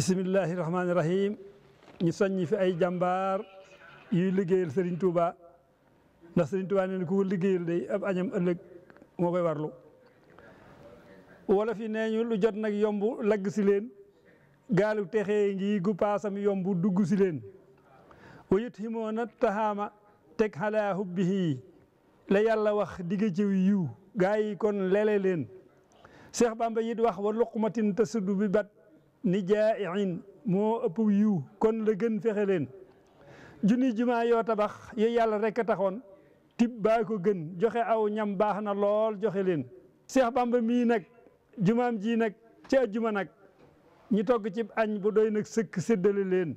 bisimillahi rahmaani rahim ñu soññi fi ay jàmbaar yuy liggéeyal Serigne Touba ndax Serigne Touba nee na ku ko liggéeyal day ab añam ëllëg moo koy warlu wala fi nee jot nag yomb lagg si leen gaalu texee ngi gu paasam yomb dugg si leen wa yët ximoona taxaama teg xalaa hubbihi la yàlla wax digga ciw yiw gaa yi kon lele leen Cheikh Bamba yit wax wa luqmatin tasuddu bi bat ni jaayin moo ëpp yiw kon la gën fexe leen junni jumaa yoo tabax yooyu yàlla rek a taxoon tib baa ko gën joxe aw ñam baax na lool joxe leen Seex Bamba mii nag jumaam jii nag ca ajjuma nag ñu togg ci añ bu doy nag sëkk seddale leen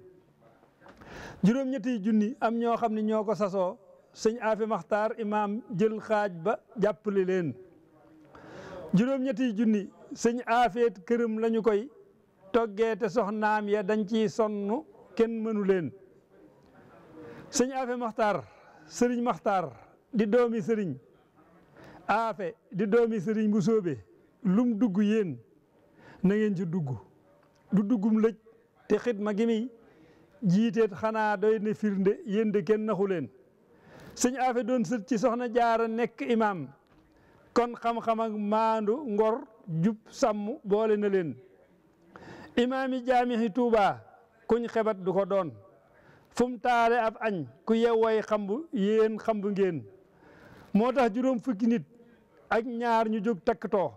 juróom-ñetti junni am ñoo xam ne ñoo ko sasoo sëñ Afi Maxtaar imaam jël xaaj ba jàppale leen juróom-ñetti junni sëñ Afeet këram lañu koy toggee te soxnaam ya dañ ciy sonn kenn mënu leen sëñ Afe Maxtaar sëriñ Maxtaar di doomi sëriñ Afe di doomi sëriñ bu sóobe lum dugg yéen na ngeen ci dugg du duggum lëj te xidma gi muy jiiteet xanaa doy na firnde yéen de kenn naxu leen sëñ Afe doon sët ci soxna jaara nekk imaam kon xam-xam ak maandu ngor jub sàmm boole na leen imaami jaamixi Tuuba kuñ xebat du ko doon fum mu taale ab añ ku yewway xambu yéen xambu ngeen moo tax juróom fukki nit ak ñaar ñu jóg takktoo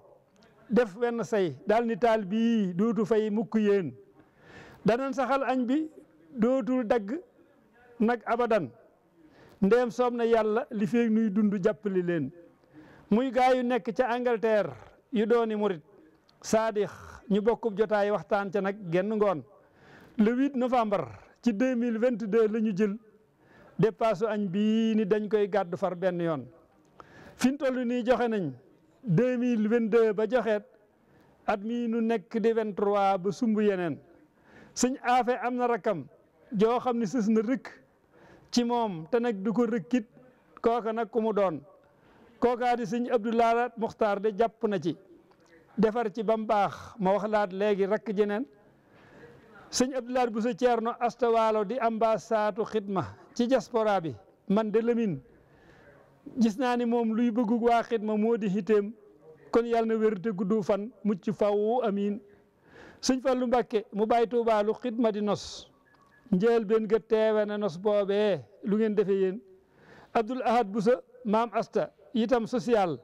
def wenn say daal ni taal bii dootu fay mukk yéen danañ saxal añ bi dootul dagg nag abadan ndeem soob na yàlla li feeg nuy dund jàppali leen muy gaa yu nekk ca Angleterre yu dooni murit saadix ñu bokkub jotaay waxtaan ca nag genn ngoon le 8 novembre ci 2022 la ñu jël dépasse añ bii ni dañ koy gàddu far benn yoon fi ñu nii joxe nañ 2022 ba joxeet at mii nu nekk di ba sumb yeneen suñ aafe am na rakkam joo xam ne sës na rëkk ci moom te nag du ko rëkkit kooka nag ku mu doon kookaa di sëñ Abdou Lahad Muxtaar de jàpp na ci defar ci ba mu baax ma wax laat léegi rakk jeneen sëñ Abdoulaye Bousso Thierno astawaalo di ambassadu xidma ci diaspora bi man de lemin gis naa ni moom luy bëggu waa xidma moo di hiteem kon yàlla na wér te gudd fan mucc faw amiin sëñ Fallou Mbakke mu bàyyi Tuubaa lu xidma di nos njël benn ga teewe na nos boobee lu ngeen defe yéen Abdoul Ahad Bousso maam asta itam social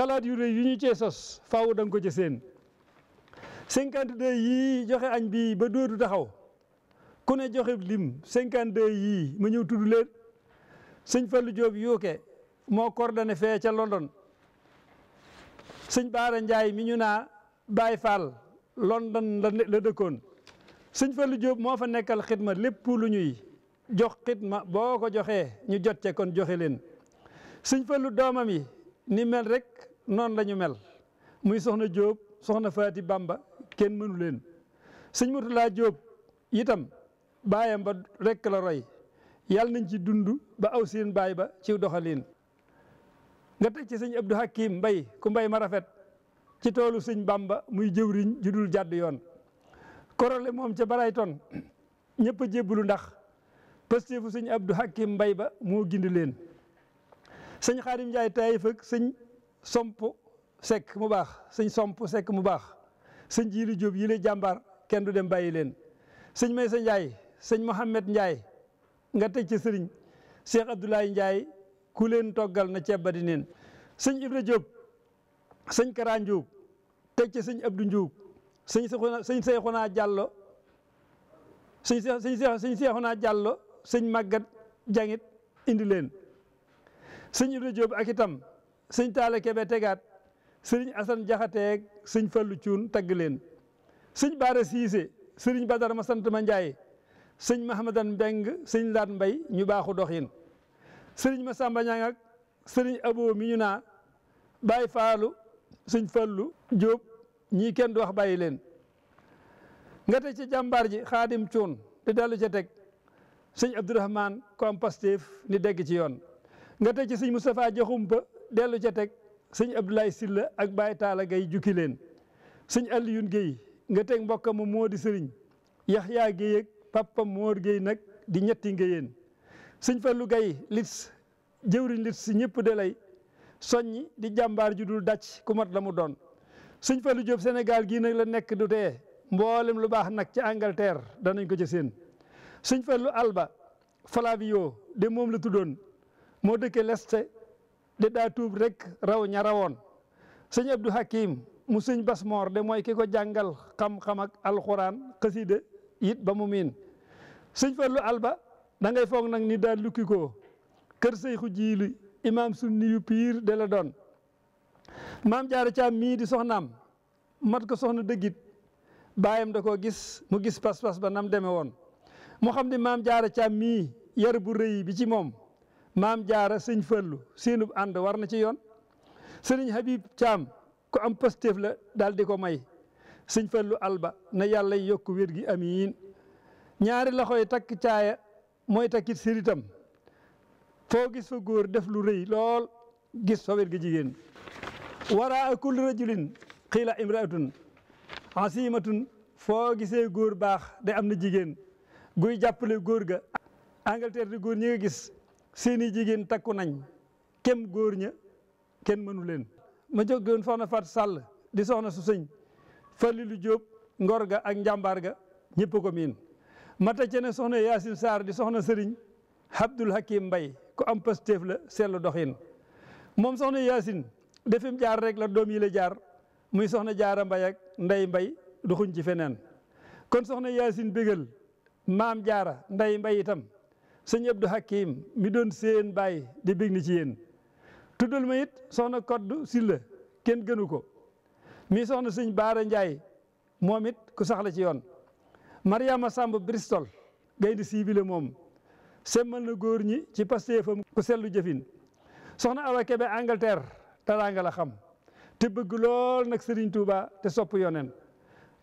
xalaat yu rëy yu ñu cee sos faaw da ko ci seen cinquante deux yii joxe añ bi ba dootu taxaw ku ne joxe lim cinquante deux yii ma ñëw tudd leen sëñ Fallou Diop yuuke moo coordonné fee ca London sëñ Baara Ndiaye mi ñu naa Baye Fall London la la dëkkoon sëñ Fallou Diop moo fa nekkal xidma lépp lu ñuy jox xidma boo ko joxee ñu jot ce kon joxe leen sëñ Fallou doomam yi ni mel rek noonu lañu mel muy soxna jóob soxna Faati Bamba kenn mënu leen sëñ Murtala jóob itam baayam ba rekk la roy yàlla nañ ci dund ba aw seen baay ba ci doxaliin nga teg ci sëñ Abdou Hakim mbay ku mbay ma rafet ci toolu sëñ Bamba muy jëwriñ ju dul yoon korole moom ca Barayton ñëpp a jébbalu ndax pasteefu sëñ Abdou Hakim mbay ba moo gindi leen sëñ Xaadim Njaay Taayif ak sëñ somp sekk mu baax sëñ somp sekk mu baax sëñ jiili jóob yi lay kenn du dem bàyyi leen sëñ Maysa Njaay sëñ Mohamed Njaay nga teg ci sëriñ Cheikh Abdoulaye Njaay ku leen toggal na ceeb ba di neen sëñ Ibra Jóob sëñ Kara Njuub teg ci sëñ Abdou Njuub sëñ sëñ Seexuna Jàllo sëñ sëñ Seexuna Jàllo sëñ Màggat Jangit indi leen sëñ Ibra Jóob ak itam sëñ Talla Kebe tegaat sëriñ Assane Jaxateeg sëñ Fallu Cuun tagg leen sëñ Baara Siise sëriñ Badar ma sant ma Njaay sëñ Mahamadan Mbeng sëñ Laat Mbay ñu baaxu doxin sëriñ ma Samba Ñaŋ ak sëriñ Abo mi ñu naa Baay Faalu sëñ Fallu Jóob ñii kenn du wax bàyyi leen nga te ci jàmbaar ji xaadim cuun di dellu ca teg sëñ Abdourahman ko am ni dégg ci yoon nga teg ci sëñ Moustapha Jaxumpa dellu ca teg sëñ Abdoulaye Sylla ak Baye Talla Gaye jukki suñ sëñ Alioune nga teg mbokkam mu moo di sëriñ Yaxya Guèye ak papa Mor nag di ñetti ngéyeen suñ Fallou Gaye lits jëwriñ lits si ñëpp de lay soññi di jàmbaar ju dul dac ku la mu doon suñ Fallou Diop Sénégal gii nag la nekk du tee mboolem lu baax nag ci Angleterre danañ ko ca seen sëñ Fallou Alba Flavio de moom la tuddoon moo dëkke leste de daa tuub rek raw ña rawoon sëñ Abdou Hakim mu sëñ Bas Moor de mooy ki ko jàngal xam-xam ak alxuraan xasida ba mu miin sëñ Fallu Alba da ngay foog nag ni daal lukki ko kër Seyxu Jiili imaam sunni yu piir de doon maam jaara caam mii di soxnam mat ko soxna dëggit baayam da ko gis mu gis pas-pas ba nam deme woon mu xam ni maam jaara caam mii yar bu rëy bi ci moom maam jaara sëñ Fallu seenub ànd war na ci yoon sëriñ Habib Thiam ku am pëstéef la daal di ko may sëñ Fallu alba na yàlla yokk wér gi amiin ñaari loxoy takk caaya mooy takkit siritam foo gis fa góor def lu rëy lool gis fa wér gi jigéen waraa kulli rajulin xiila imraatun asimatun foo gisee góor baax de am na jigéen guy jàppale góor ga Angleterre di góor ñi nga gis seeni jigéen takku nañ kem góor ña kenn mënu leen ma jógoon soxna Fatou Sall di soxna su sëñ Falilou Diop ngor ga ak njàmbaar ga ñëpp ko miin ma tacce ne soxna Yacine Sarr di soxna sëriñ Abdoul Hakim Mbay ku am pastéef la seetlu doxin moom soxna Yacine defim jaar rek la doom yi la jaar muy soxna jaara mbay ak nday mbay duxuñ ci feneen kon soxna Yacine bégal maam jaara nday mbay itam sëñ Abdou Hakim mi doon seen bàyyi di bég ni ci yéen tuddal ma it soxna Koddu Silla kenn gënu ko mii soxna sëñ Baara Ndiaye moom it ku saxla ci yoon Mariama Samb Bristol gaynde siibile moom semmal na góor ñi ci pasteefam ku sellu jëfin soxna Awa Kebe Angleterre taraanga xam te bëgg lool nag Serigne Touba te sopp yonen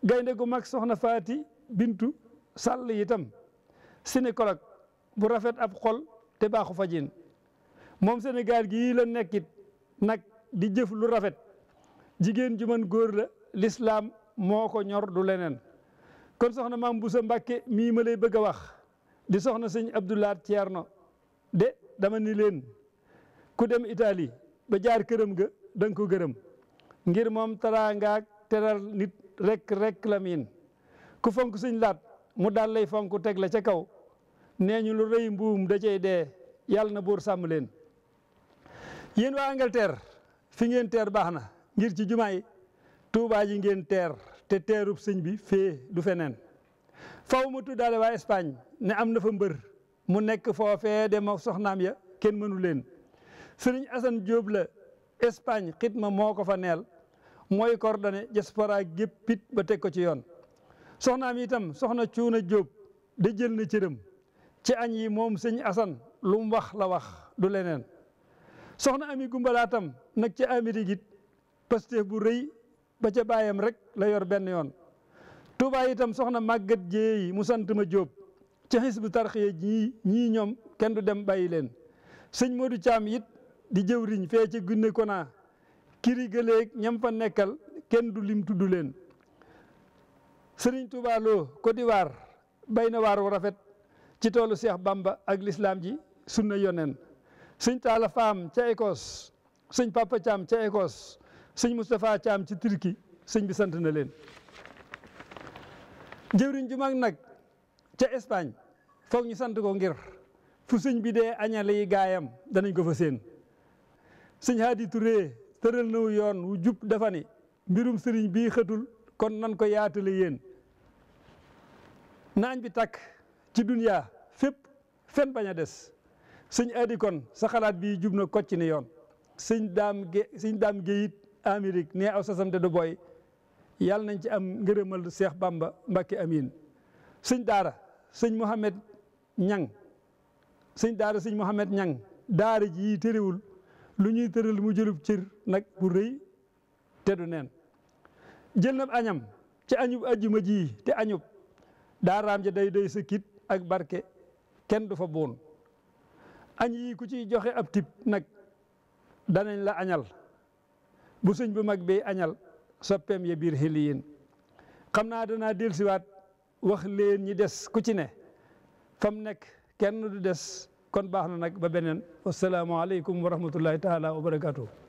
gaynde gu mag soxna Faati Bintu Sall itam gynécologue bu rafet ab xol te baaxu fajin moom Sénégal gii la nekkit nag di jëf lu rafet jigéen ju mën góor la lislaam moo ko ñor du leneen kon soxna maam Bousso Mbàkke mii ma lay bëgg a wax di soxna sëñ Abdoulaat Ceerno de dama ni leen ku dem Italie ba jaar këram ga da ko gërëm ngir moom taraangaak teral nit rekk rek la miin ku fonk sëñ laat mu daal lay fonk teg la ca kaw nee ñu lu rëy mbuum da cay dee yàlla na buur sàmm leen yéen waa Angleterre fi ngeen teer baax na ngir ci jumaay Tuubaa ji ngeen teer te teerub sëñ bi fee du feneen faw ma tuddaale waa Espagne ne am na fa mbër mu nekk foofee dem ak soxnaam ya kenn mënu leen sëriñ Assane Diop la Espagne xitma moo ko fa neel mooy coordonné diaspora géppit ba teg ko ci yoon soxnaam itam soxna Cuuna jóob da jël na cëram ci añ yi moom sëñ Assane lum wax la wax du leneen soxna ami gumbalaatam nag ci Amérique it Pastef bu rëy ba ca baayam rek la yor benn yoon Touba itam soxna màggat jéey mu sant ma Jóob ci Hizbu Tarxiya ñii ñii ñoom kenn du dem bay leen sëñ Modou Thiam yit di jëwriñ fee ci Gunne Kona kiri gëleeg ñam fa nekkal kenn du lim tudd leen Sëriñ Touba Lo Côte d'Ivoire bay na waar wu rafet ci toolu Cheikh Bamba ak lislaam ji sunna yonen sëñ Talla Faam ca Écosse sëñ Papa Thiam ca Écosse sëñ Moustapha Thiam ci Turquie sëñ bi sant na leen jëwriñ ju mag nag ca Espagne foog ñu sant ko ngir fu sëñ bi dee añale yi gaayam danañ ko fa seen sëñ Hadi Touré tëral na wu yoon wu jub dafa mbirum sëriñ bii xëtul kon nan ko yaatale yéen naañ bi takk ci duniyaa fépp fen bañ des sëñ Adi kon sa xalaat bii jub na kocc ni yoon sëñ daam ge sëñ daam géyit Amérique nee aw sasam te du booy yàlla nañ ci am ngërëmal Seex Bamba Mbàkke amin sëñ daara sëñ Mohamed Ñang sëñ daara sëñ Mohamed Ñang daara ji lu ñuy tëral mu jëlub cër nag bu rëy te du neen jël na añam ci añub ajjuma ji te añub daaraam ja day doy sa kit ak barke kenn du fa buun añ yi ku ciy joxe ab tib nag danañ la añal bu sëñ bu mag bi añal soppeem ya biir xiliyin xam naa danaa dellusiwaat wax leen ñi des ku ci ne fam nekk kenn du des kon baax na nag ba beneen wassalaamu aleykum wa rahmatullahi taala wa